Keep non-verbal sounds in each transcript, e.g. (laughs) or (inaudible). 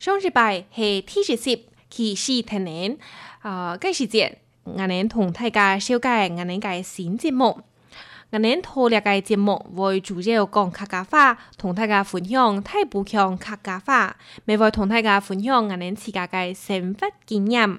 星期八係天氣熱，熱死人啊，今事件，我哋同大家介紹我哋嘅新節目，我哋拖列嘅節目會主要講客家話，同大家分享太武強客家話，未會同大家分享我哋自己嘅生活經驗。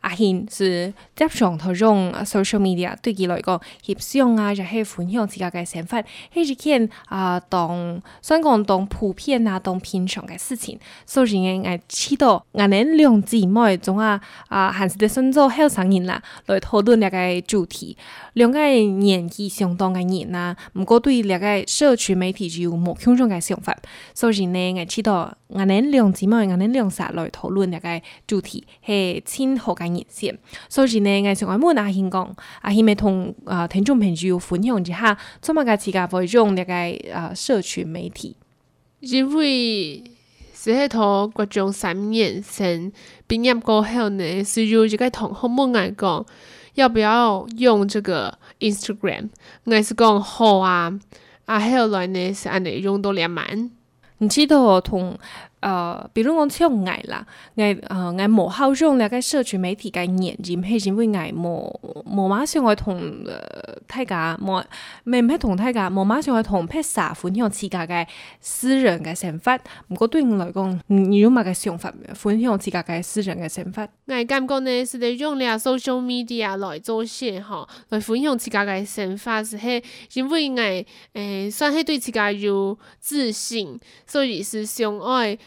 阿欣、啊、是接上頭用 social media 對佢嚟講，協商啊，就係分享自己嘅想法，係一件啊當雖然講當普遍啊當平常嘅事情。所以呢，我知道我哋兩姊妹仲啊啊，啊的還是啲新組後生人啦，嚟討論呢個主題。兩個人年紀相當嘅人啦，唔過對呢個社群媒體就有唔相同嘅想法。所以呢，我知道我哋兩姊妹、我哋兩曬嚟討論呢個主題。係親好嘅。人先，所以呢，我想問門阿欣講，阿欣咪同啊聽眾朋友分享一下，做麼嘅自家培養一個啊、呃、社群媒體，因為是係同各種三年先，畢業過後呢，是有一個同好問嚟講，要不要用這個 Instagram？我是講好啊，阿、啊、hero 來呢，係用都兩滿，你知道同？呃，比如講像藝啦，藝呃藝冇好用咧，喺社群媒體嘅熱熱，是因為藝冇冇馬上去同大家，冇未唔係同大家，冇馬上去同披薩分享自家嘅私人嘅想法。唔過對我嚟講，如、嗯、有麼個想法，分享自家嘅私人嘅想法。我感覺呢是利用咧 social media 來做嘢嚇，來分享自家嘅想法，因為呃、算是係先會藝誒，所以對自己有自信，所以是想愛。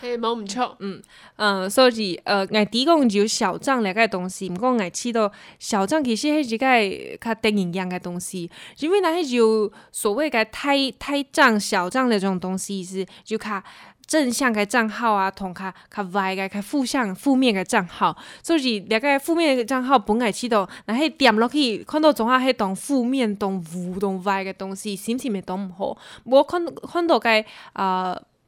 係冇唔錯，嗯，呃、嗯，所以，呃，眼底講就小賬嚟個東西，唔講眼起到小賬，其實迄只個較正面樣個東西，因為那些就所謂個太太賬、小賬的這種東西是就較正向個賬號啊，同較較歪個、較負向、負面個賬號，所以，那個負面個賬號本來起到，那些點落去看到總下係當負面、當負、當歪個東西，心情咪當唔好，我看看到個啊。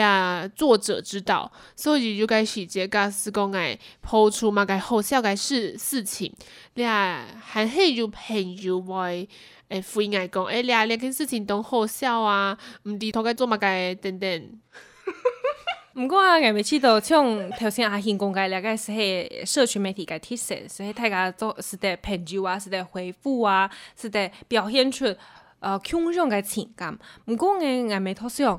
倆作者知道，所以就該始介個是講來拋出嘛，該好笑介事事情，倆還嘿就朋友會誒，互伊來講，誒、欸，倆倆件事情都好笑啊，唔低頭該做嘛該等等。唔 (laughs) (music) 過啊，愛咪去到像頭先阿興講介了解是嘿社群媒體個提醒，所以大家都是在朋友啊，是在回覆啊，是在表現出呃傾向個情感。唔過我愛咪頭先。